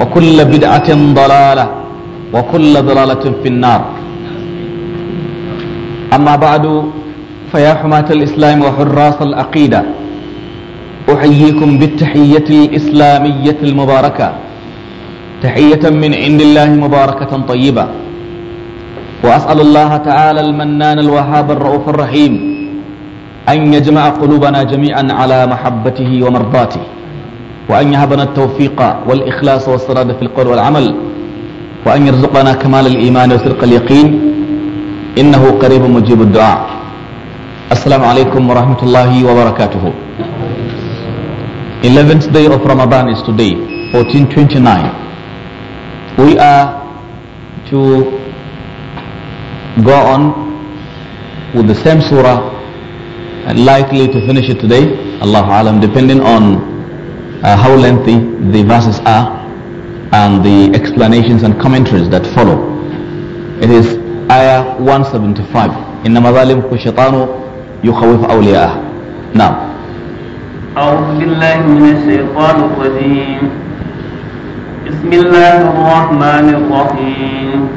وكل بدعة ضلالة وكل ضلالة في النار أما بعد فيا حماة الإسلام وحراس العقيدة أحييكم بالتحية الإسلامية المباركة تحية من عند الله مباركة طيبة وأسأل الله تعالى المنان الوهاب الرؤوف الرحيم أن يجمع قلوبنا جميعا على محبته ومرضاته وأن يهبنا التوفيق والإخلاص والسراد في القول والعمل وأن يرزقنا كمال الإيمان وصدق اليقين إنه قريب مجيب الدعاء السلام عليكم ورحمة الله وبركاته 11th day of Ramadan is today 1429 we are to go on with the same surah and likely to finish it today Allah alam depending on Uh, how lengthy the verses are and the explanations and commentaries that follow. It is Ayah 175. Now. أعوذ بالله من الشيطان الرجيم بسم الله الرحمن الرحيم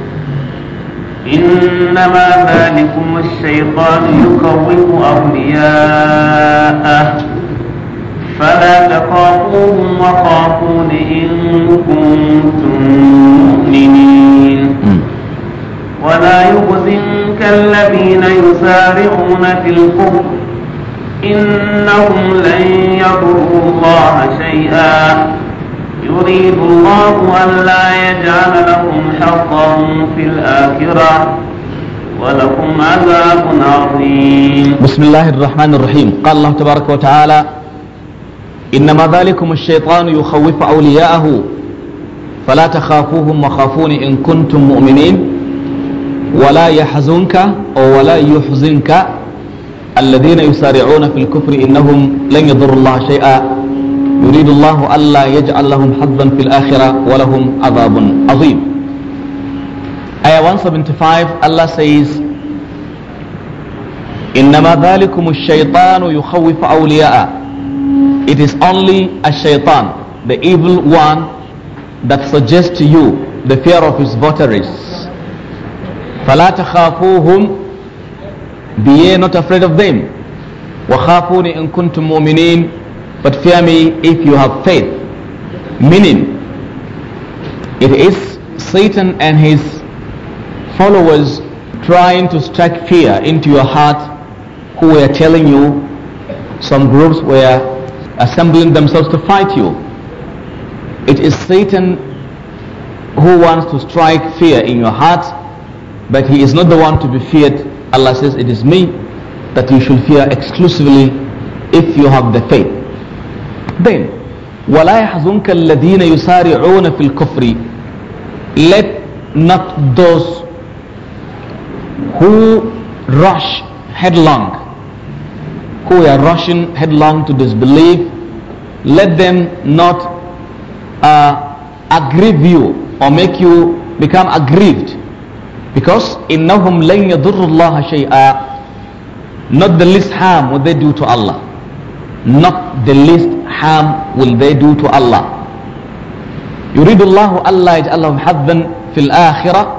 إنما ذلكم الشيطان يخوف أولياءه فلا تخافوهم وخافون إن كنتم مؤمنين ولا يحزنك الذين يسارعون في الكفر إنهم لن يضروا الله شيئا يريد الله ألا يجعل لهم حقا في الآخرة ولكم عذاب عظيم بسم الله الرحمن الرحيم قال الله تبارك وتعالى إنما ذلكم الشيطان يخوف أولياءه فلا تخافوهم وخافون إن كنتم مؤمنين ولا يحزنك أو ولا يحزنك الذين يسارعون في الكفر إنهم لن يضروا الله شيئا يريد الله ألا يجعل لهم حظا في الآخرة ولهم عذاب عظيم Ayah آية 175 Allah says إنما ذلكم الشيطان يخوف أولياءه it is only a shaitan, the evil one that suggests to you the fear of his votaries. فَلَا تَخَافُوهُمْ Be ye not afraid of them. وَخَافُونِ إِن كُنْتُم مُؤْمِنِينَ But fear me if you have faith. Meaning, it is Satan and his followers trying to strike fear into your heart who were telling you some groups were assembling themselves to fight you. It is Satan who wants to strike fear in your heart, but he is not the one to be feared. Allah says, It is me that you should fear exclusively if you have the faith. Then, وَلَا يَحْزُنْكَ الَّذِينَ يُسَارِعُونَ فِي الْكُفْرِ Let not those who rush headlong who are rushing headlong to disbelief, let them not uh, aggrieve you or make you become aggrieved. Because innahum لَنْ يَضُرُّ اللَّهَ Not the least harm will they do to Allah. Not the least harm will they do to Allah. يريد الله ألا يجعلهم حظا في الآخرة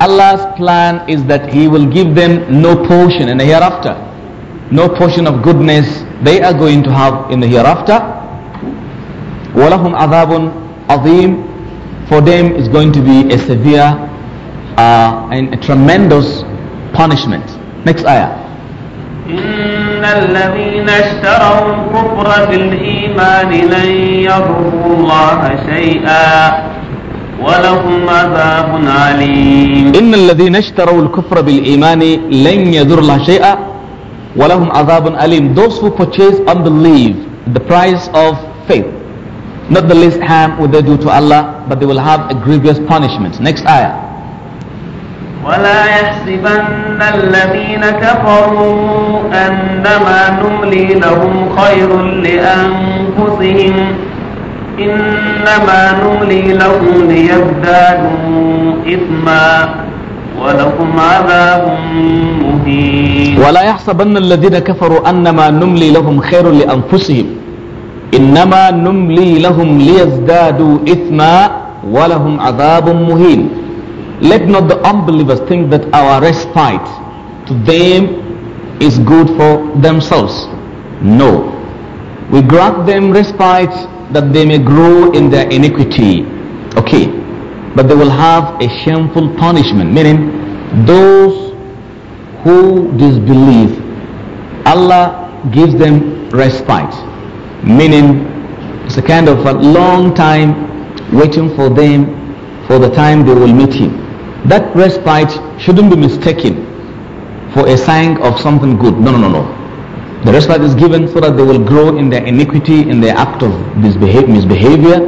Allah's plan is that He will give them no portion in the hereafter no portion of goodness they are going to have in the hereafter. وَلَهُمْ عَذَابٌ عَظِيمٌ For them is going to be a severe uh, and a tremendous punishment. Next ayah. إن الذين اشتروا الكفر بالإيمان لن يضروا الله شيئا ولهم عذاب عليم إن الذين اشتروا الكفر بالإيمان لن يضر الله شيئا Walahum عَذَابٌ a'lim. Those who purchase unbelief, the price of faith. Not the least harm will they do to Allah, but they will have a grievous punishment. Next ayah. ولا يحسبن الذين كفروا أنما نملي لهم خير لأنفسهم إنما نملي لهم ليزدادوا إثما ولكم عذاب مهين ولا يحسبن الذين كفروا أنما نملي لهم خير لأنفسهم إنما نملي لهم ليزدادوا إثما ولهم عذاب مهين Let not the unbelievers think that our respite to them is good for themselves. No. We grant them respite that they may grow in their iniquity. Okay. but they will have a shameful punishment, meaning those who disbelieve, Allah gives them respite, meaning it's a kind of a long time waiting for them for the time they will meet Him. That respite shouldn't be mistaken for a sign of something good. No, no, no, no. The respite is given so that they will grow in their iniquity, in their act of misbehavior,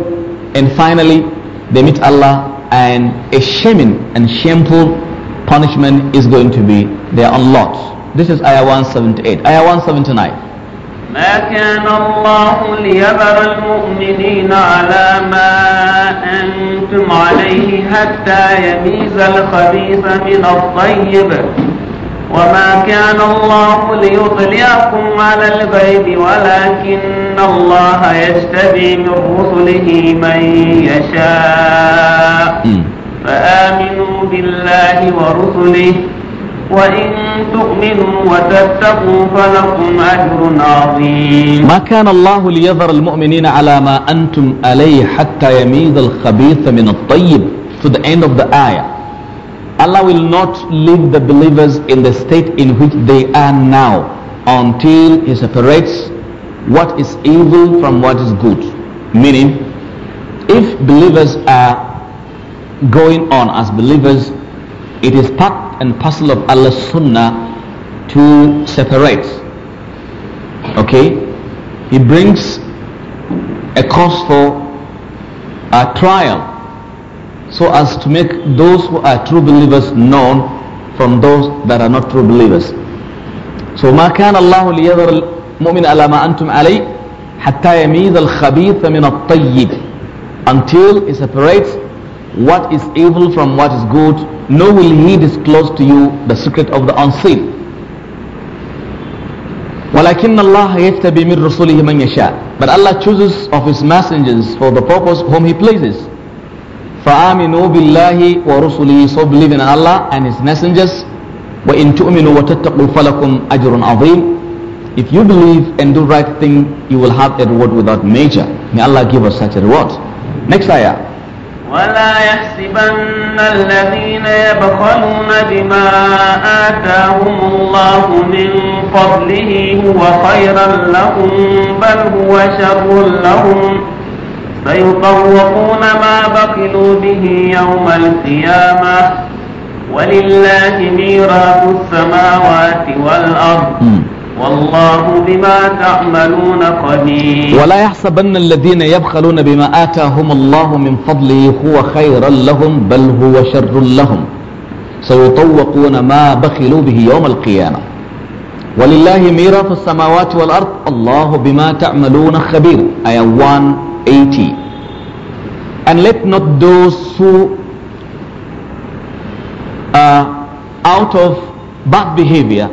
and finally they meet Allah and a shaming and shameful punishment is going to be their lot. This is Ayah 178. Ayah 179. ما كان الله ليذر المؤمنين على ما أنتم عليه حتى يميز الخبيث من الطيب وما كان الله ليطلعكم على الغيب ولكن الله يجتبي من رسله من يشاء فآمنوا بالله ورسله وإن تؤمنوا وتتقوا فلكم أجر عظيم ما كان الله ليظهر المؤمنين على ما أنتم عليه حتى يميز الخبيث من الطيب to the end of the ayah Allah will not leave the believers in the state in which they are now until He separates what is evil from what is good. Meaning, if believers are going on as believers, it is part and parcel of Allah's sunnah to separate. Okay? He brings a cause for a trial so as to make those who are true believers known from those that are not true believers. So ما كان الله ليذر المؤمن على ما أنتم عليه حتى يميز الخبيث من الطيب until he separates what is evil from what is good nor will he disclose to you the secret of the unseen ولكن الله يتبي من رسوله من يشاء but Allah chooses of his messengers for the purpose whom he pleases فآمنوا بالله ورسله so believe in Allah and His messengers وإن تؤمنوا وتتقوا فلكم أجر عظيم If you believe and do right thing, you will have a reward without measure. May Allah give us such a reward. Next ayah. ولا يحسبن الذين يبخلون بما آتاهم الله من فضله هو خيرا لهم بل هو شر لهم فيطوقون ما بخلوا به يوم القيامة ولله ميراث السماوات والأرض والله بما تعملون قدير ولا يحسبن الذين يبخلون بما آتاهم الله من فضله هو خيرا لهم بل هو شر لهم سيطوقون ما بخلوا به يوم القيامة ولله ميراث السماوات والأرض الله بما تعملون خبير آية 1 80. And let not those who are out of bad behavior,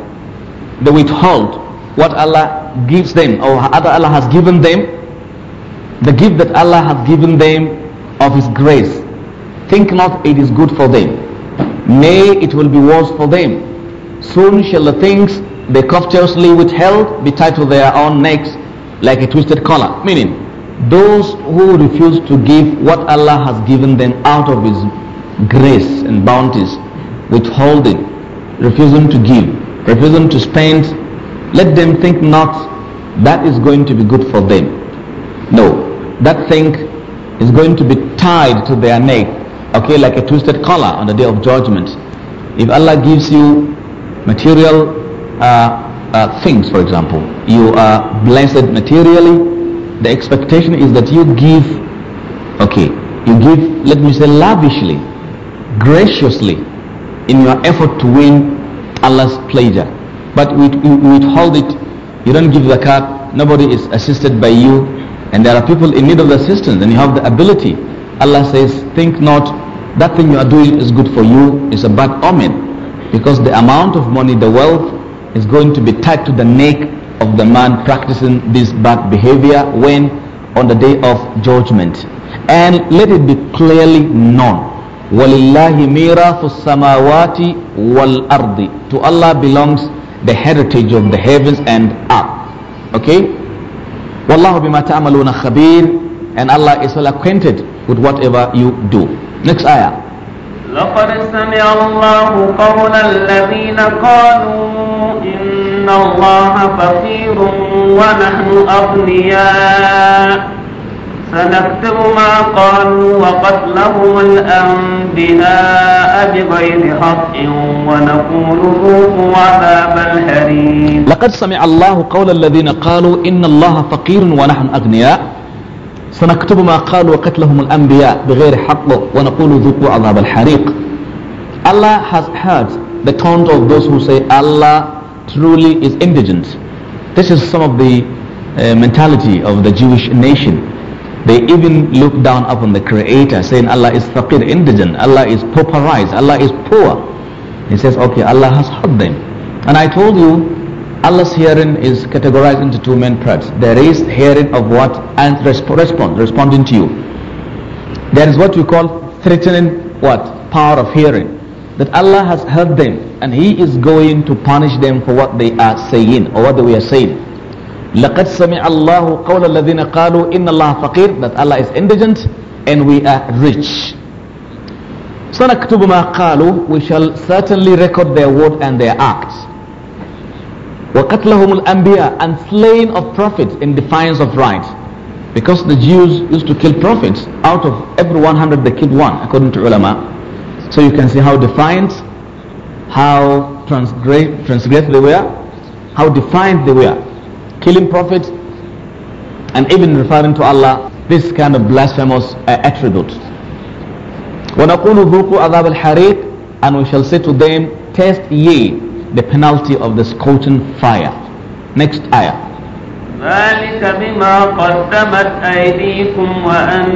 they withhold what Allah gives them or other Allah has given them, the gift that Allah has given them of His grace. Think not it is good for them. Nay, it will be worse for them. Soon shall the things they covetously withheld be tied to their own necks like a twisted collar. Meaning, those who refuse to give what Allah has given them out of His grace and bounties, withholding, refusing to give, refusing to spend, let them think not that is going to be good for them. No, that thing is going to be tied to their neck, okay, like a twisted collar on the day of judgment. If Allah gives you material uh, uh, things, for example, you are blessed materially, the expectation is that you give okay you give let me say lavishly graciously in your effort to win Allah's pleasure but we, withhold it you don't give the cup nobody is assisted by you and there are people in need of assistance and you have the ability Allah says think not that thing you are doing is good for you It's a bad omen because the amount of money the wealth is going to be tied to the neck of the man practicing this bad behavior when on the day of judgment and let it be clearly known walillahi mirathus samawati wal ardi to Allah belongs the heritage of the heavens and earth okay wallahu bima ta'maluna khabir and Allah is well acquainted with whatever you do next ayah لقد سمع الله قول الذين قالوا إن الله فقير ونحن أغنياء سنكتب ما قالوا وقتلهم الأنبياء بغير حق ونقول ذوقوا عذاب الحريم لقد سمع الله قول الذين قالوا إن الله فقير ونحن أغنياء سنكتب ما قالوا وقتلهم الأنبياء بغير حق ونقول ذوقوا عذاب الحريق Allah has heard the taunt of those who say Allah truly is indigent. This is some of the uh, mentality of the Jewish nation. They even look down upon the Creator, saying Allah is faqir, indigent, Allah is pauperized, Allah is poor. He says, okay, Allah has hurt them. And I told you, Allah's hearing is categorized into two main parts. There is hearing of what and resp responding to you. There is what we call threatening what? Power of hearing. That Allah has heard them and he is going to punish them for what they are saying or what they are saying. لقد سمع الله قول الذين قالوا إن الله فقير that Allah is indigent and we are rich. سنكتب ما قالوا we shall certainly record their word and their acts. وقتلهم الأنبياء and slaying of prophets in defiance of right. Because the Jews used to kill prophets. Out of every 100 they killed one according to ulama. So you can see how defiant how transgressive transgress they were, how defiant they were, killing prophets, and even referring to Allah, this kind of blasphemous uh, attribute. وَنَقُولُ ذُوقُوا عَذَابَ الْحَرِيقِ And we shall say to them, "Test ye the penalty of the scorching fire. Next ayah. ذلك بما قدمت أيديكم وأن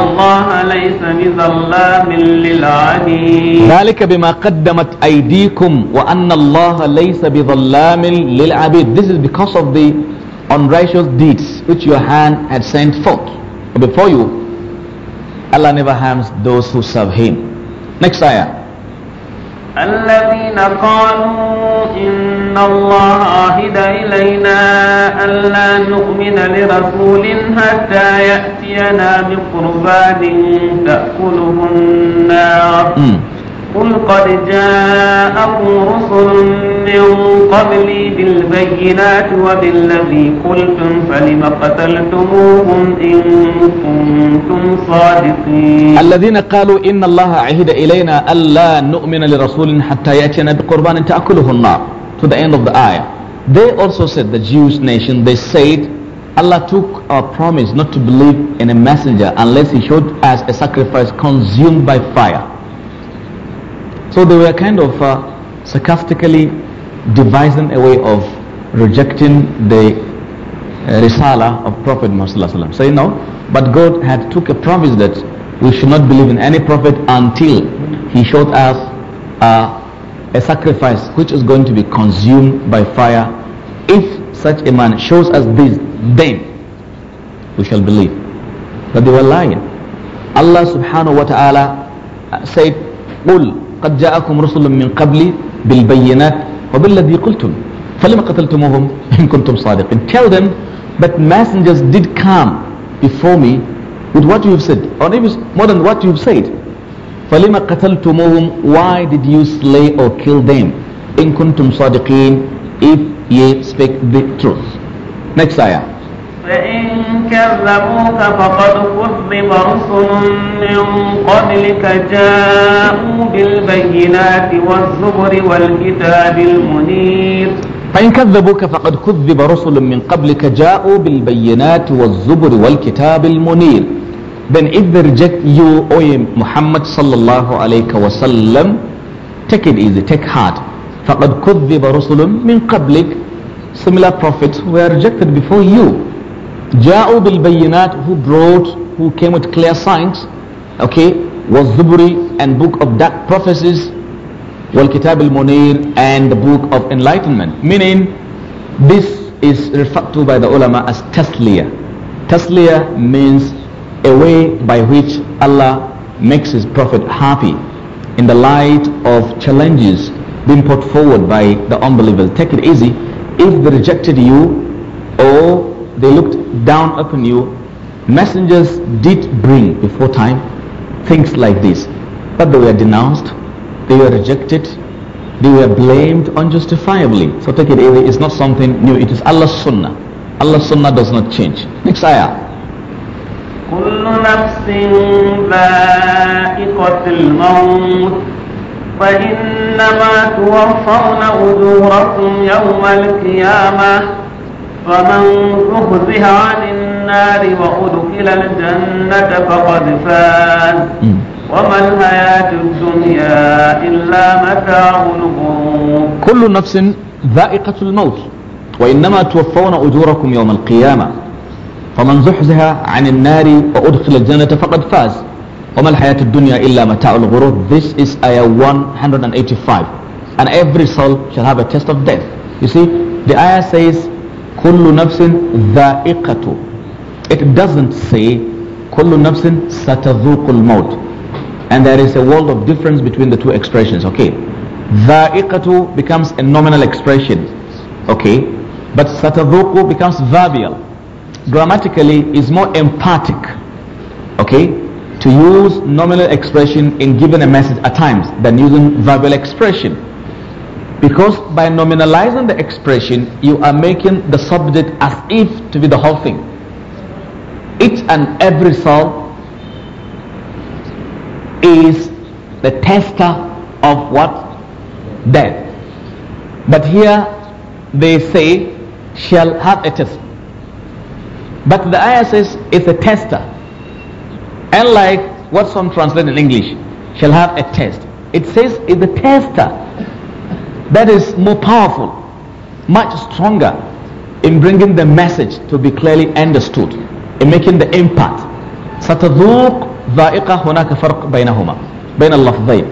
الله ليس بظلام للعبيد ذلك بما قدمت أيديكم وأن الله ليس بظلام للعبيد This is because of the unrighteous deeds which your hand had sent forth before you Allah never harms those who serve him Next ayah الذين قالوا إن الله عهد إلينا ألا نؤمن لرسول حتى يأتينا بقربان تأكله النار قل قد جاءكم رسل من قبلي بالبينات وبالذي قلتم فلم قتلتموهم إن كنتم صادقين الذين قالوا إن الله عهد إلينا ألا نؤمن لرسول حتى يأتينا بقربان تأكله النار to the end of the ayah they also said the Jewish nation they said Allah took our promise not to believe in a messenger unless he showed us a sacrifice consumed by fire So they were kind of uh, sarcastically devising a way of rejecting the uh, risala of Prophet Muhammad Say no, but God had took a promise that we should not believe in any prophet until he showed us uh, a sacrifice which is going to be consumed by fire. If such a man shows us this, then we shall believe. But they were lying. Allah subhanahu wa ta'ala uh, said, قُلْ قد جاءكم رسل من قبل بالبينات وبالذي قلتم فلما قتلتموهم إن كنتم صادقين tell them but messengers did come before me with what you have said or maybe more than what you have said فلما قتلتموهم why did you slay or kill them إن كنتم صادقين if ye speak the truth next ayah فإن كذبوك فقد كذب رسل من قبلك جاءوا بالبينات والزبر والكتاب المنير فإن كذبوك فقد كذب رسل من قبلك جاءوا بالبينات والزبر والكتاب المنير بن إذر جك يو أوي محمد صلى الله عليه وسلم sallam, take it easy, take heart. فَقَدْ كُذِّبَ رُسُلٌ مِّن قَبْلِكَ Similar prophets were rejected before you. Ja'u bil al-Bayyinat, who brought, who came with clear signs, okay, was Zuburi and book of dark prophecies, wal kitab al munir and the book of enlightenment. Meaning, this is referred to by the ulama as tasliya. Tasliya means a way by which Allah makes his prophet happy in the light of challenges being put forward by the unbelievers. Take it easy. If they rejected you or they looked down upon you, messengers did bring before time things like this, but they were denounced, they were rejected, they were blamed unjustifiably. So take it away, it's not something new, it is Allah's sunnah. Allah's sunnah does not change. Next ayah. كل نفس ذائقة الموت فإنما توفون أجوركم يوم القيامة فمن أخذها عن النار وأدخل الجنة فقد فاز وما الحياة الدنيا إلا متاع الغرور كل نفس ذائقة الموت وإنما توفون أجوركم يوم القيامة فمن زحزها عن النار وأدخل الجنة فقد فاز وما الحياة الدنيا إلا متاع الغرور This is ayah 185 and every soul shall have a test of death you see the ayah says kullu nafsin dha'iqatu. It doesn't say kullu nafsin satadhuqul maut. And there is a world of difference between the two expressions. Okay. Dha'iqatu becomes a nominal expression. Okay. But satadhuqu becomes verbal. Grammatically is more emphatic. Okay to use nominal expression in giving a message at times than using verbal expression. Because by nominalizing the expression, you are making the subject as if to be the whole thing. Each and every soul is the tester of what? Death. But here they say, shall have a test. But the ayah says, it's a tester. Unlike what some translate in English, shall have a test. It says, it's a tester that is more powerful, much stronger in bringing the message to be clearly understood, in making the impact. ستذوق ذائقة هناك فرق بينهما بين اللفظين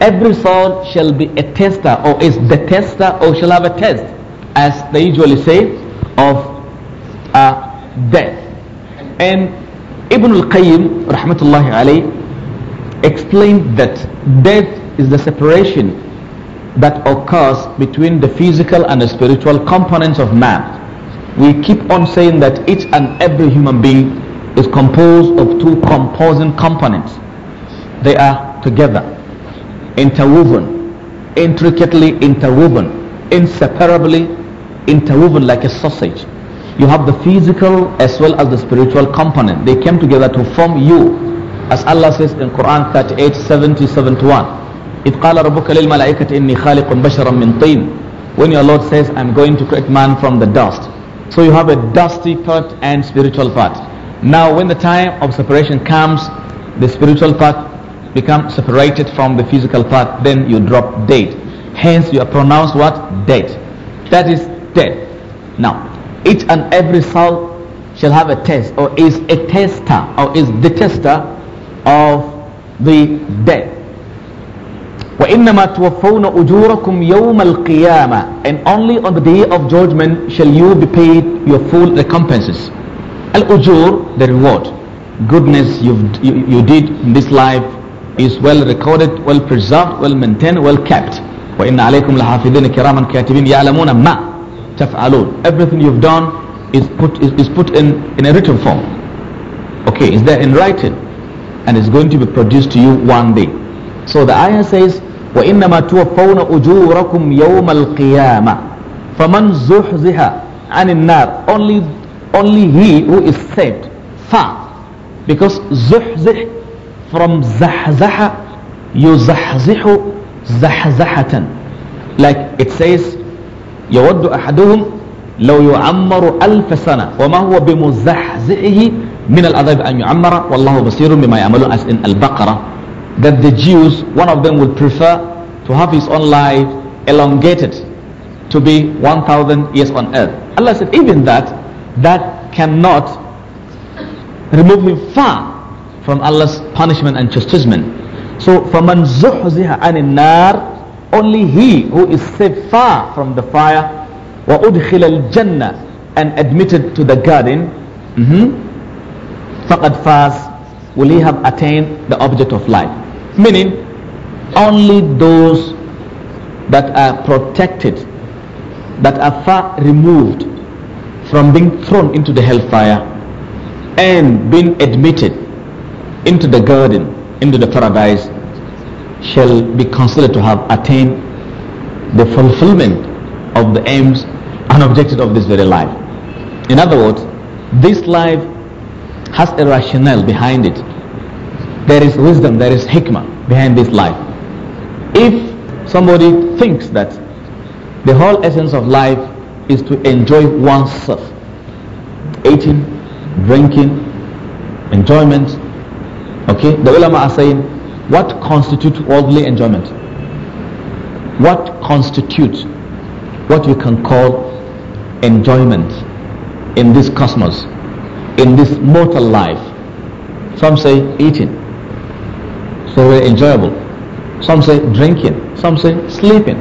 Every soul shall be a tester or is the tester or shall have a test as they usually say of uh, death. And Ibn al-Qayyim rahmatullahi alayh explained that death is the separation that occurs between the physical and the spiritual components of man. We keep on saying that each and every human being is composed of two composing components. They are together, interwoven, intricately interwoven, inseparably interwoven like a sausage. You have the physical as well as the spiritual component. They came together to form you, as Allah says in Quran 38, 70, 71. إذ قال ربك للملائكة إني خالق بشرا من طين when your Lord says I'm going to create man from the dust so you have a dusty part and spiritual part now when the time of separation comes the spiritual part becomes separated from the physical part then you drop dead hence you are pronounced what dead that is dead now each and every soul shall have a test or is a tester or is the tester of the dead وَإِنَّمَا تُوَفَّوْنَ أُجُورَكُمْ يَوْمَ الْقِيَامَةِ And only on the day of judgment shall you be paid your full recompenses. Al-Ujur, the reward. Goodness you've, you, you did in this life is well recorded, well preserved, well maintained, well kept. وَإِنَّ عَلَيْكُمْ لَحَافِظِينَ كِرَامًا كَاتِبِينَ يَعْلَمُونَ مَا تَفْعَلُونَ Everything you've done is put, is, is put in, in a written form. Okay, is there in writing and it's going to be produced to you one day. So the ayah says, وَإِنَّمَا تُوَفَّوْنَ أُجُورَكُمْ يَوْمَ الْقِيَامَةِ فَمَنْ زحزها عَنِ النَّارِ Only, only he who is saved, far. Because زُحْزِح from زَحْزَحَ يُزَحْزِحُ زَحْزَحَةً Like it says, يود أحدهم لو يعمر ألف سنة وما هو بمزحزحه من العذاب أن يعمر والله بصير بما يعملون البقرة that the Jews, one of them would prefer to have his own life elongated to be 1,000 years on earth. Allah said, even that, that cannot remove him far from Allah's punishment and chastisement. So, فَمَنْ زُحْزِهَ عَنِ النَّارِ Only he who is saved far from the fire, وَأُدْخِلَ الْجَنَّةِ And admitted to the garden, mm-hmm, فَاسِ Will he have attained the object of life? Meaning, only those that are protected, that are far removed from being thrown into the hellfire and being admitted into the garden, into the paradise, shall be considered to have attained the fulfillment of the aims and objectives of this very life. In other words, this life has a rationale behind it there is wisdom, there is hikmah behind this life. If somebody thinks that the whole essence of life is to enjoy oneself, eating, drinking, enjoyment, okay, the ulama are saying what constitutes worldly enjoyment? What constitutes what you can call enjoyment in this cosmos, in this mortal life? Some say eating so very enjoyable. Some say drinking, some say sleeping,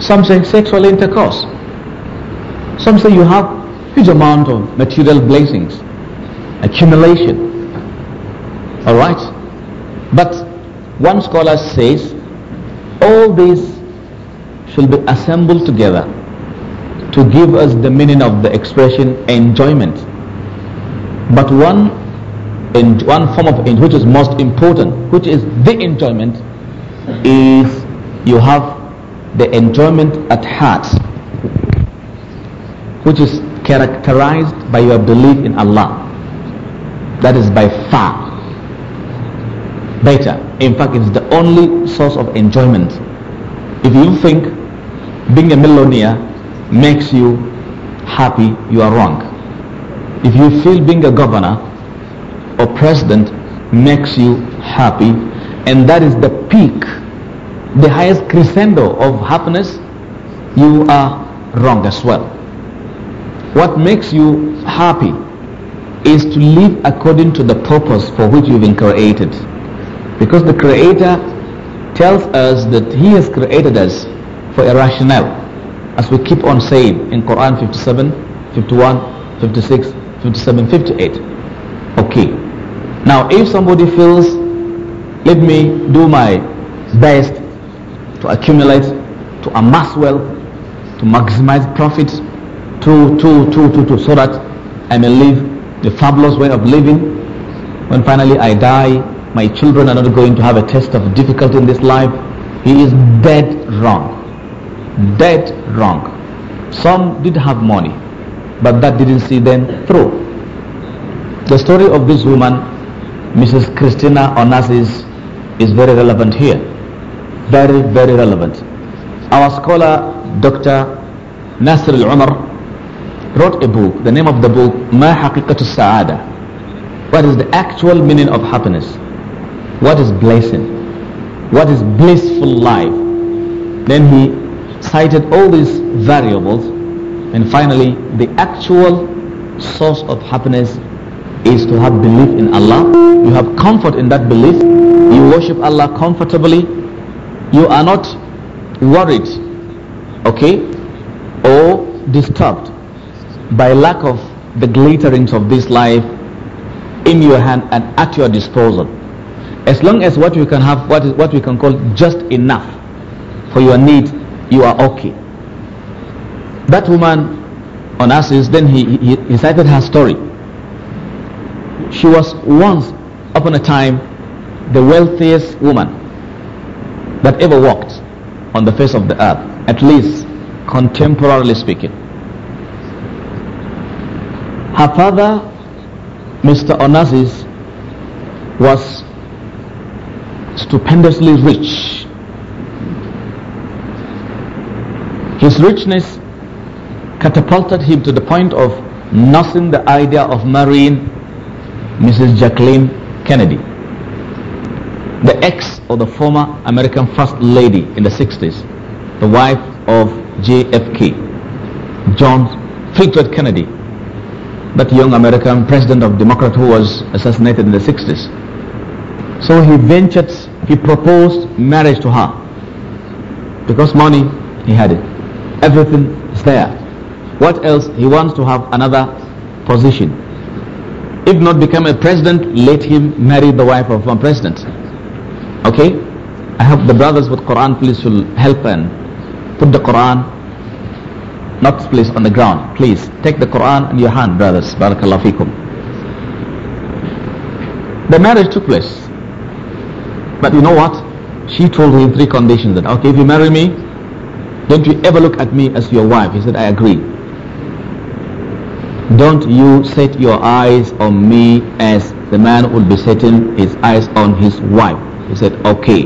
some say sexual intercourse, some say you have huge amount of material blessings, accumulation. All right, but one scholar says all these shall be assembled together to give us the meaning of the expression enjoyment. But one in one form of which is most important, which is the enjoyment, is you have the enjoyment at heart, which is characterized by your belief in Allah. That is by far better. In fact, it's the only source of enjoyment. If you think being a millionaire makes you happy, you are wrong. If you feel being a governor or president makes you happy and that is the peak the highest crescendo of happiness you are wrong as well what makes you happy is to live according to the purpose for which you've been created because the creator tells us that he has created us for a rationale as we keep on saying in quran 57 51 56 57 58 okay now, if somebody feels, let me do my best to accumulate, to amass wealth, to maximize profits, to, to, to, to, to, so that I may live the fabulous way of living. When finally I die, my children are not going to have a test of difficulty in this life. He is dead wrong. Dead wrong. Some did have money, but that didn't see them through. The story of this woman Mrs. Christina Onassis is very relevant here. Very, very relevant. Our scholar, Dr. Nasir al-Umar, wrote a book. The name of the book, Ma Haqiqatu Sa'ada. What is the actual meaning of happiness? What is blessing? What is blissful life? Then he cited all these variables and finally the actual source of happiness is to have belief in Allah. You have comfort in that belief. You worship Allah comfortably. You are not worried, okay, or disturbed by lack of the glitterings of this life in your hand and at your disposal. As long as what you can have, what is what we can call just enough for your need, you are okay. That woman on us is then he, he, he cited her story she was once upon a time the wealthiest woman that ever walked on the face of the earth, at least contemporarily speaking. Her father, Mr. Onassis, was stupendously rich. His richness catapulted him to the point of nursing the idea of marrying Mrs. Jacqueline Kennedy, the ex of the former American First Lady in the 60s, the wife of JFK, John Fitzgerald Kennedy, that young American president of Democrat who was assassinated in the 60s. So he ventured, he proposed marriage to her. Because money, he had it. Everything is there. What else? He wants to have another position if not become a president, let him marry the wife of a president. Okay? I hope the brothers with Quran please will help and put the Quran not please on the ground. Please take the Quran in your hand, brothers. Barakallahu fikum. The marriage took place. But you know what? She told him three conditions that okay, if you marry me, don't you ever look at me as your wife. He said, I agree don't you set your eyes on me as the man would be setting his eyes on his wife. He said, okay.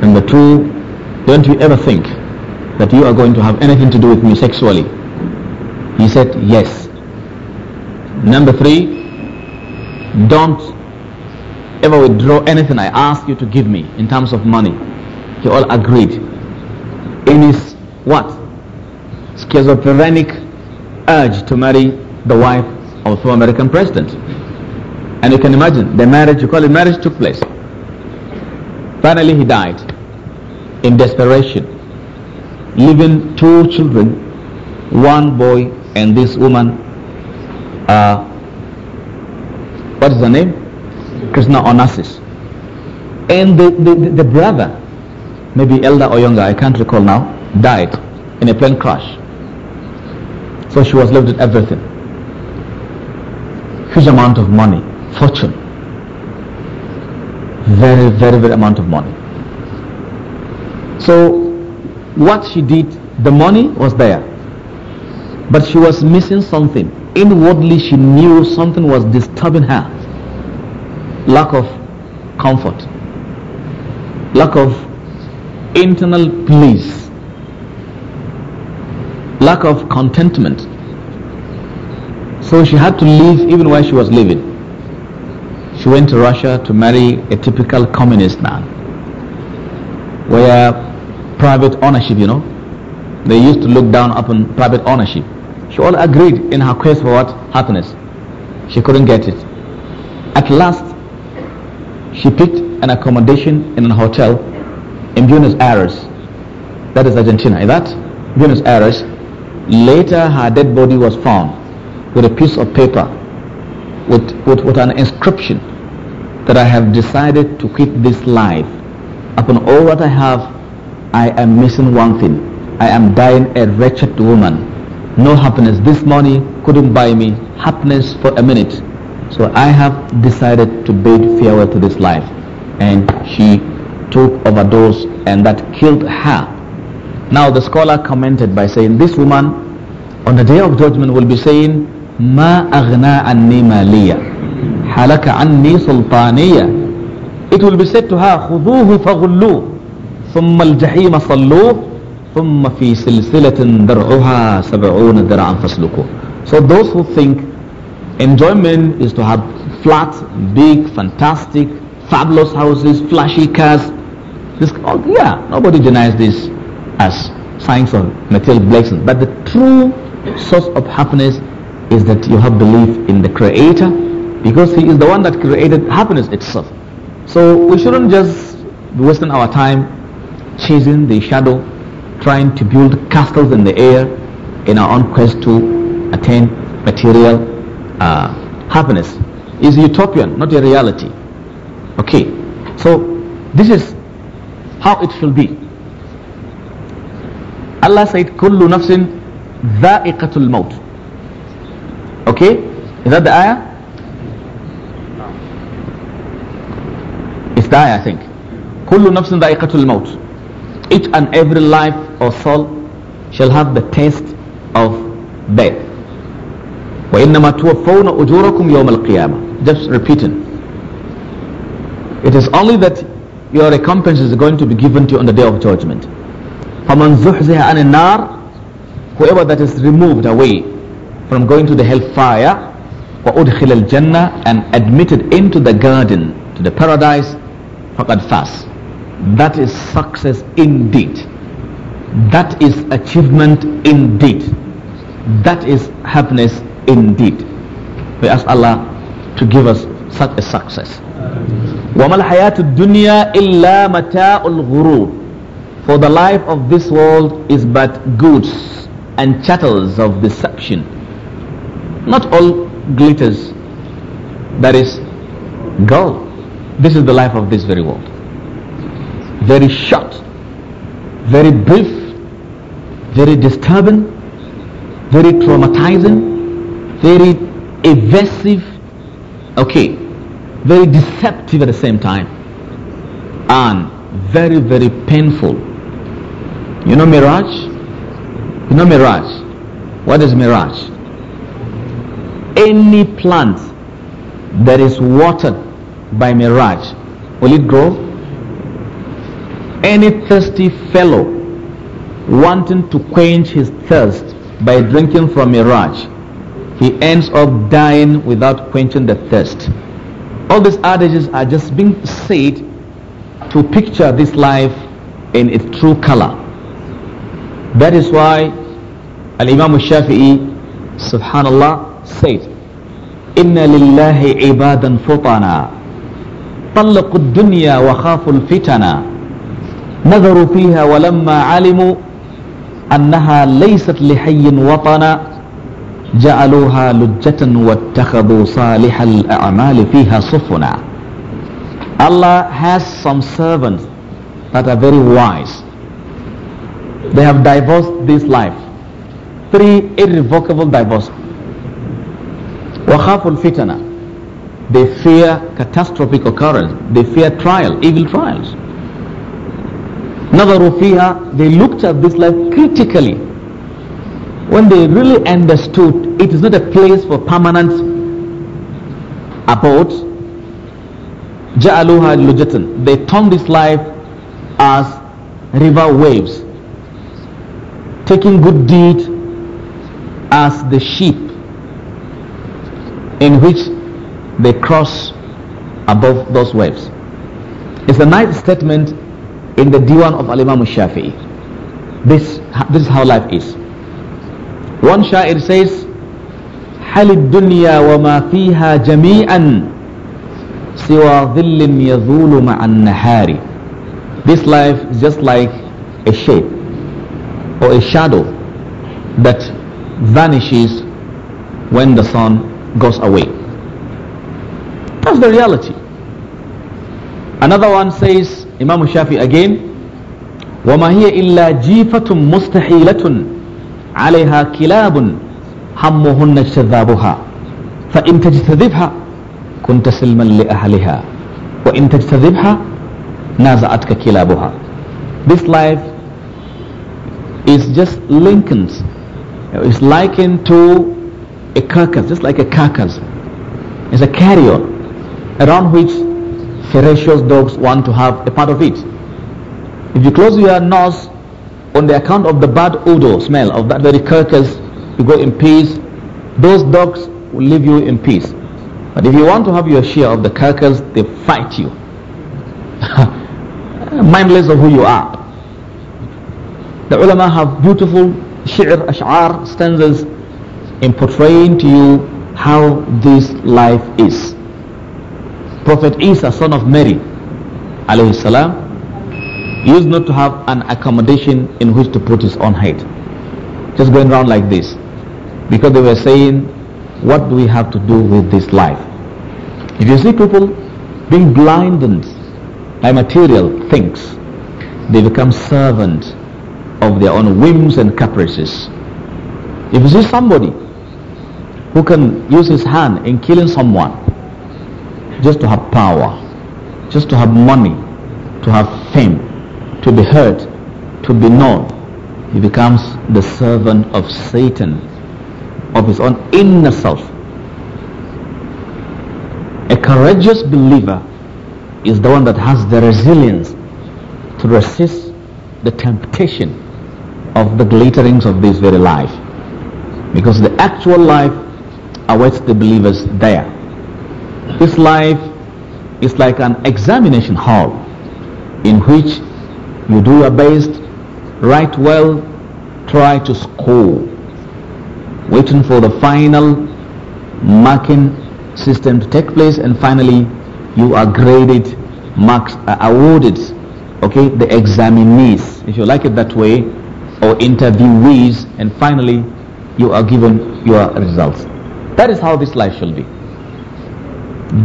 Number two, don't you ever think that you are going to have anything to do with me sexually. He said, yes. Number three, don't ever withdraw anything I ask you to give me in terms of money. He all agreed. In his what? Schizophrenic urged to marry the wife of a former American president. And you can imagine the marriage, you call it marriage, took place. Finally, he died in desperation, leaving two children, one boy and this woman. Uh, what is her name? Krishna Onassis. And the, the, the brother, maybe elder or younger, I can't recall now, died in a plane crash. So she was left with everything. Huge amount of money, fortune. Very, very, very amount of money. So what she did, the money was there. But she was missing something. Inwardly she knew something was disturbing her. Lack of comfort. Lack of internal peace lack of contentment. So she had to leave even while she was living. She went to Russia to marry a typical communist man, where private ownership, you know, they used to look down upon private ownership. She all agreed in her quest for what? Happiness. She couldn't get it. At last, she picked an accommodation in an hotel in Buenos Aires. That is Argentina. Is that Buenos Aires? Later, her dead body was found with a piece of paper with, with, with an inscription that I have decided to quit this life. Upon all that I have, I am missing one thing. I am dying a wretched woman. No happiness. This money couldn't buy me happiness for a minute. So I have decided to bid farewell to this life. And she took overdose and that killed her. Now the scholar commented by saying, this woman on the day of judgment will be saying, ما أغنى عني مالية حلك عني It will be said to her, خذوه فغلوه ثم الجحيم صلوه ثم في سلسلة درعها سبعون درعا So those who think enjoyment is to have flat, big, fantastic, fabulous houses, flashy cars, this, oh, yeah, nobody denies this as science or material blessings. But the true source of happiness is that you have belief in the Creator because He is the one that created happiness itself. So we shouldn't just be wasting our time chasing the shadow, trying to build castles in the air in our own quest to attain material uh, happiness. Is utopian, not a reality. Okay, so this is how it should be. Allah said, Kullu nafsin dha'iqatul maut. Okay? Is that the ayah? It's the ayah, I think. Kullu nafsin dha'iqatul maut. Each and every life or soul shall have the taste of death. وإنما توفون أجوركم يوم القيامة. Just repeating. It is only that your recompense is going to be given to you on the day of judgment. فَمَنْ زُحْزِهَ عَنِ النَّارِ Whoever that is removed away from going to the hellfire, وَأُدْخِلَ الْجَنَّةِ And admitted into the garden, to the paradise, فَقَدْ فَاسْ That is success indeed. That is achievement indeed. That is happiness indeed. We ask Allah to give us such a success. وَمَا الْحَيَاةُ الدُّنْيَا إِلَّا مَتَاءُ الْغُرُورِ for the life of this world is but goods and chattels of deception. Not all glitters, that is gold. This is the life of this very world. Very short, very brief, very disturbing, very traumatizing, very evasive, okay, very deceptive at the same time, and very, very painful you know mirage? You know mirage? What is mirage? Any plant that is watered by mirage, will it grow? Any thirsty fellow wanting to quench his thirst by drinking from mirage, he ends up dying without quenching the thirst. All these adages are just being said to picture this life in its true color. That is why Al Imam Shafi'i Subhanallah said Inna lillahi ibadan futana طلقوا الدنيا وخافوا الفتنة نظروا فيها ولما علموا أنها ليست لحي وطنا جعلوها لجة واتخذوا صالح الأعمال fiha صفنا Allah has some servants that are very wise they have divorced this life. Three irrevocable divorce. Wahaful fitana. They fear catastrophic occurrence. They fear trial, evil trials. نظروا they looked at this life critically when they really understood it is not a place for permanent abode جعلوها لجة they turned this life as river waves taking good deed as the sheep in which they cross above those waves. It's a nice statement in the Diwan of Al-Imam Shafi'i. This, this is how life is. One Sha'ir says, حل الدنيا وما فيها جميعا سوى ظل يذول مع النهار This life is just like a shape or a shadow that vanishes when the sun goes away. That's the reality. Another one says, Imam Shafi again, وما هي إلا جيفة مستحيلة عليها كلاب همهن شذابها فإن تجتذبها كنت سلما لأهلها وإن تجتذبها كلابها This life is just likened. It's likened to a carcass, just like a carcass. It's a carrier around which ferocious dogs want to have a part of it. If you close your nose on the account of the bad odor, smell of that very carcass, you go in peace. Those dogs will leave you in peace. But if you want to have your share of the carcass, they fight you. Mindless of who you are. The ulama have beautiful shi'r, ash'ar, stanzas in portraying to you how this life is. Prophet Isa, son of Mary, alayhi salam, used not to have an accommodation in which to put his own head. Just going around like this. Because they were saying, what do we have to do with this life? If you see people being blinded by material things, they become servants of their own whims and caprices. If you see somebody who can use his hand in killing someone just to have power, just to have money, to have fame, to be heard, to be known, he becomes the servant of Satan, of his own inner self. A courageous believer is the one that has the resilience to resist the temptation of the glitterings of this very life. Because the actual life awaits the believers there. This life is like an examination hall in which you do your best, write well, try to score, waiting for the final marking system to take place and finally you are graded, marks are uh, awarded, okay, the examinees, if you like it that way, or interviewees and finally you are given your results. That is how this life shall be.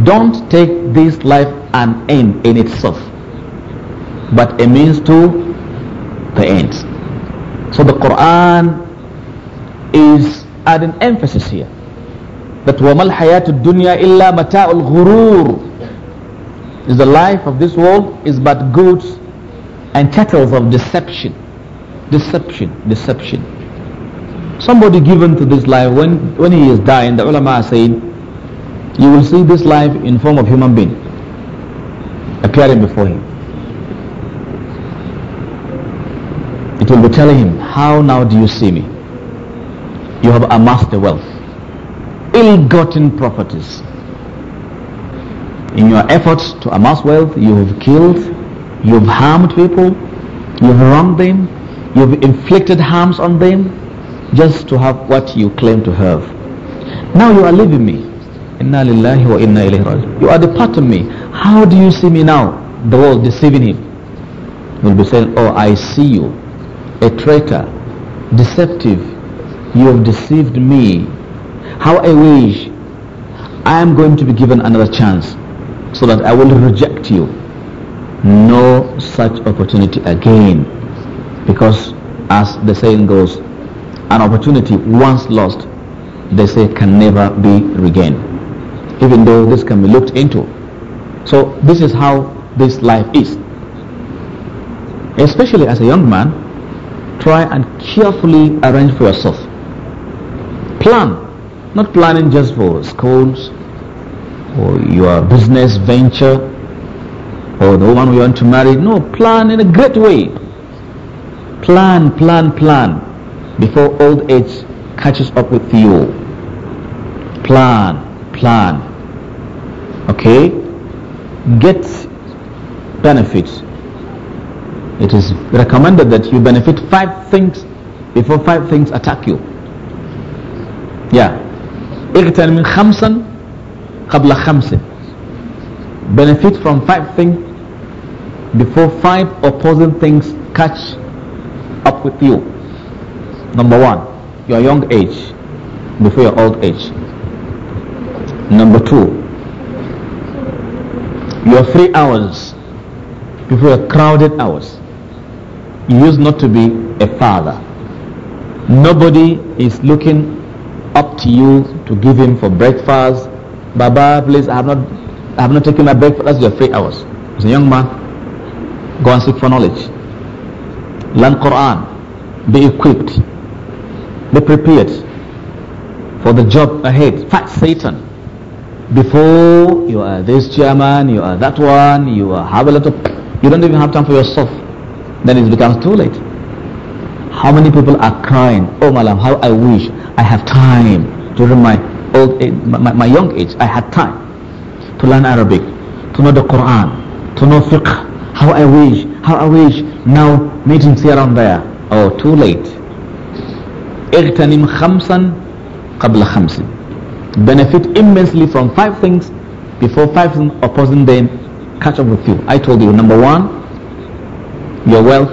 Don't take this life an end in itself, but a means to the end. So the Quran is adding emphasis here that وَمَا الْحَيَاةُ الدُّنْيَا إِلَّا مَتَاءُ الْغُرُورِ is the life of this world is but goods and chattels of deception Deception, deception. Somebody given to this life, when, when he is dying, the ulama are saying, you will see this life in form of human being appearing before him. It will be telling him, how now do you see me? You have amassed the wealth, ill-gotten properties, in your efforts to amass wealth, you have killed, you have harmed people, you have wronged them, You've inflicted harms on them just to have what you claim to have. Now you are leaving me. Inna lillahi wa inna ilayhi You are departing me. How do you see me now? The world deceiving him. He will be saying, oh, I see you, a traitor, deceptive. You have deceived me. How I wish I am going to be given another chance so that I will reject you. No such opportunity again. Because as the saying goes, an opportunity once lost, they say can never be regained. Even though this can be looked into. So this is how this life is. Especially as a young man, try and carefully arrange for yourself. Plan, not planning just for schools or your business venture or the woman you want to marry. No, plan in a great way Plan, plan, plan before old age catches up with you. Plan, plan. Okay? Get benefits. It is recommended that you benefit five things before five things attack you. Yeah. اغتنم خمسا قبل خمس. Benefit from five things before five opposing things catch up with you. Number one, your young age before your old age. Number two, your free hours before your crowded hours. You used not to be a father. Nobody is looking up to you to give him for breakfast. Baba, please, I have not, I have not taken my breakfast. That's your three hours. As a young man, go and seek for knowledge learn Quran, be equipped, be prepared for the job ahead. Fight Satan. Before you are this chairman, you are that one, you are have a lot of, you don't even have time for yourself. Then it becomes too late. How many people are crying? Oh, Malam, how I wish I have time during my old age, my, my young age. I had time to learn Arabic, to know the Quran, to know fiqh, how I wish, how I wish. Now meeting here and there. Oh, too late. اغتنم خمسا قبل خمس. Benefit immensely from five things before five things opposing them catch up with you. I told you, number one, your wealth.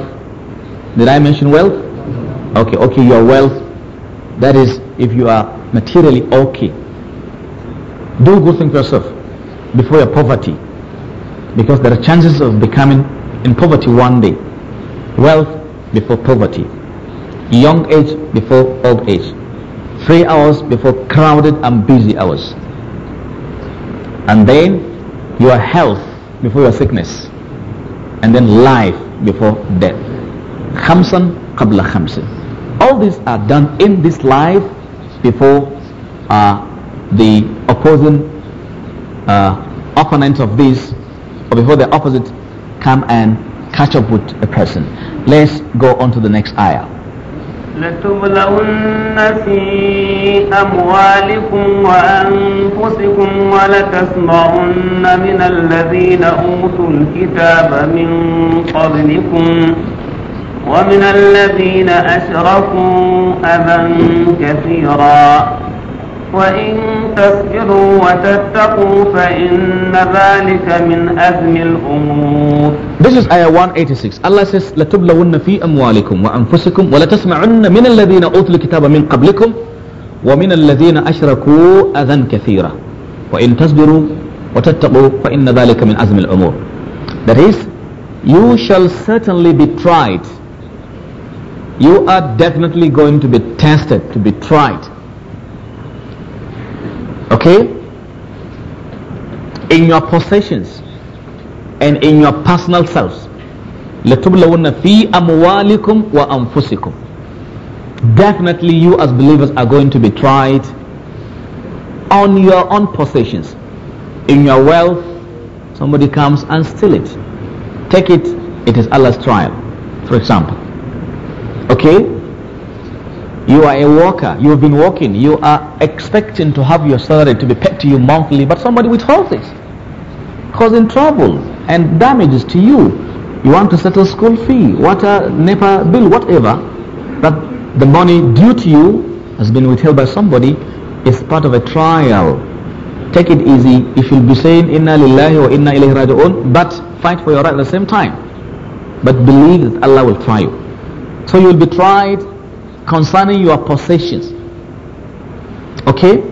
Did I mention wealth? Okay, okay, your wealth. That is, if you are materially okay. Do good thing for yourself before your poverty because there are chances of becoming in poverty one day. Wealth before poverty. Young age before old age. Three hours before crowded and busy hours. And then your health before your sickness. And then life before death. Khamsan qabla khamsin. All these are done in this life before uh, the opposing uh, opponent of this or before the opposite come and catch up with a person. Let's go on to the next ayah. لتبلون في أموالكم وأنفسكم ولتسمعن من الذين أوتوا الكتاب من قبلكم ومن الذين أشركوا أبا كثيرا وإن تصبروا وتتقوا فإن ذلك من أزم الأمور This is ayah 186. Allah says, لتبلون في أموالكم وأنفسكم ولتسمعن من الذين أوتوا الكتاب من قبلكم ومن الذين أشركوا أذى كثيرا وإن تصبروا وتتقوا فإن ذلك من أزم الأمور. That is, you shall certainly be tried. You are definitely going to be tested, to be tried. okay in your possessions and in your personal selves definitely you as believers are going to be tried on your own possessions in your wealth somebody comes and steal it take it it is Allah's trial for example okay you are a worker. You have been working. You are expecting to have your salary to be paid to you monthly, but somebody withholds it, causing trouble and damages to you. You want to settle school fee, water, NEPA bill, whatever, but the money due to you has been withheld by somebody. It's part of a trial. Take it easy. If you'll be saying Inna Lillahi wa Inna Ilaihi Raji'un, but fight for your right at the same time. But believe that Allah will try you. So you will be tried concerning your possessions. Okay?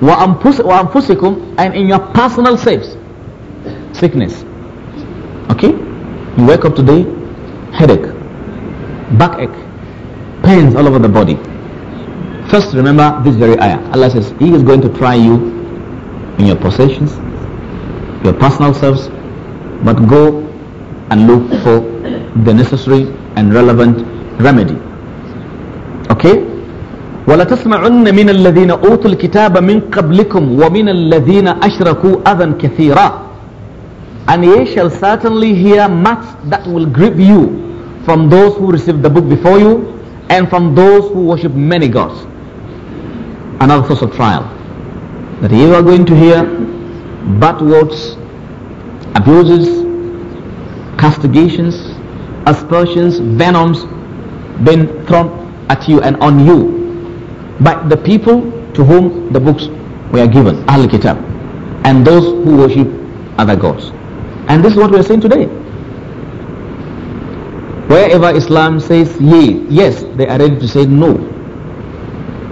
وأنفسكم and in your personal selves. Sickness. Okay? You wake up today, headache, backache, pains all over the body. First, remember this very ayah. Allah says, He is going to try you in your possessions, your personal selves, but go and look for the necessary and relevant remedy. Okay? ولتسمعن من الذين أوتوا الكتاب من قبلكم ومن الذين أشركوا أذى كثيرا And ye shall certainly hear much that will grieve you from those who received the book before you and from those who worship many gods. Another source of trial. That you are going to hear bad words, abuses, castigations, aspersions, venoms being thrown at you and on you by the people to whom the books were given, Al Kitab, and those who worship other gods. And this is what we are saying today. Wherever Islam says yea, yes, they are ready to say no.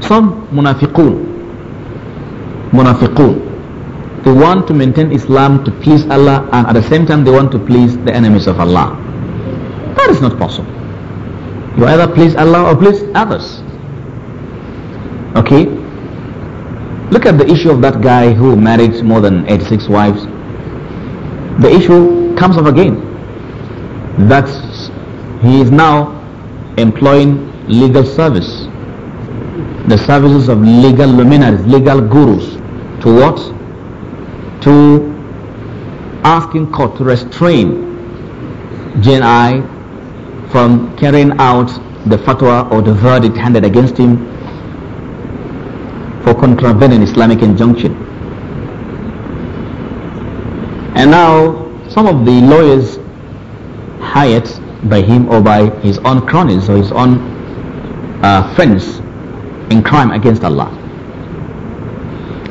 Some munafiqun, munafiqun, they want to maintain Islam to please Allah and at the same time they want to please the enemies of Allah. That is not possible. You either please Allah or please others. Okay? Look at the issue of that guy who married more than 86 wives. The issue comes up again. That he is now employing legal service. The services of legal luminaries, legal gurus. To what? To asking court to restrain Gen I from carrying out the fatwa or the verdict handed against him for contravening Islamic injunction. And now some of the lawyers hired by him or by his own cronies or his own uh, friends in crime against Allah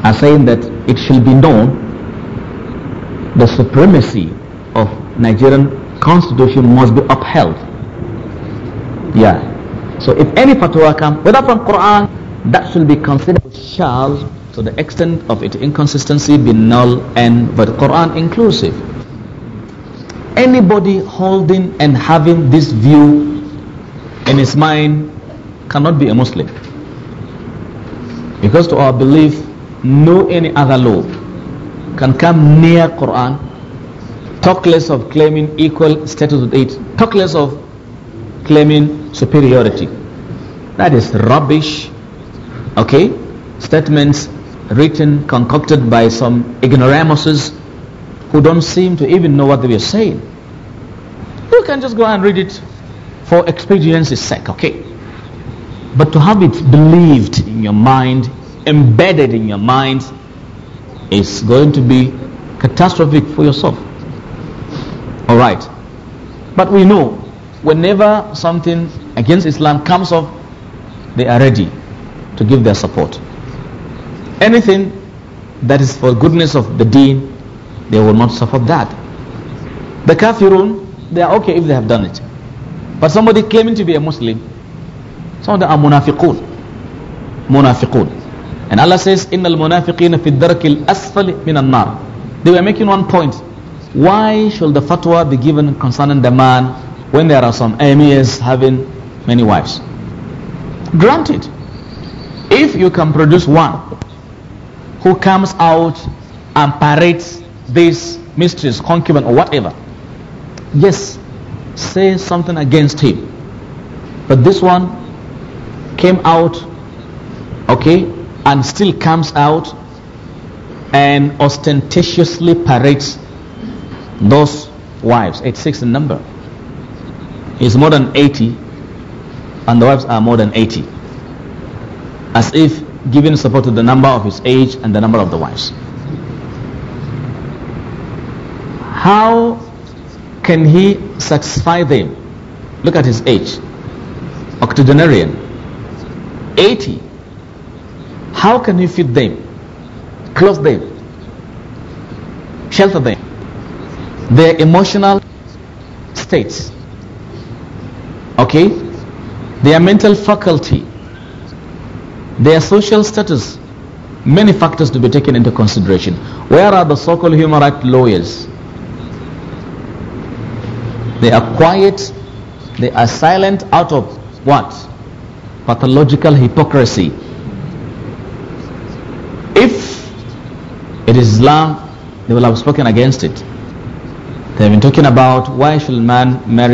are saying that it should be known the supremacy of Nigerian constitution must be upheld yeah. So if any fatwa comes, whether from Quran, that should be considered shall to the extent of its inconsistency be null and but Quran inclusive. Anybody holding and having this view in his mind cannot be a Muslim. Because to our belief, no any other law can come near Quran, talk less of claiming equal status with it, talk less of claiming superiority. That is rubbish, okay? Statements written, concocted by some ignoramuses who don't seem to even know what they were saying. You can just go and read it for expediency's sake, okay? But to have it believed in your mind, embedded in your mind, is going to be catastrophic for yourself. All right. But we know whenever something against Islam comes up, they are ready to give their support. Anything that is for goodness of the deen, they will not support that. The kafirun, they are okay if they have done it. But somebody came in to be a Muslim. Some of them are munafiqun. Munafiqun. And Allah says, إِنَّ الْمُنَافِقِينَ فِي الدَّرْكِ الْأَسْفَلِ مِنَ النَّارِ They were making one point. Why should the fatwa be given concerning the man when there are some emirs having many wives. Granted, if you can produce one who comes out and parades this mistress, concubine, or whatever, yes, say something against him. But this one came out, okay, and still comes out and ostentatiously parades those wives, 86 in number. He's more than 80 and the wives are more than 80 as if giving support to the number of his age and the number of the wives how can he satisfy them look at his age octogenarian 80 how can he feed them clothe them shelter them their emotional states okay their mental faculty, their social status, many factors to be taken into consideration. Where are the so-called human rights lawyers? They are quiet, they are silent out of what? Pathological hypocrisy. If it is Islam, they will have spoken against it. They have been talking about why should man marry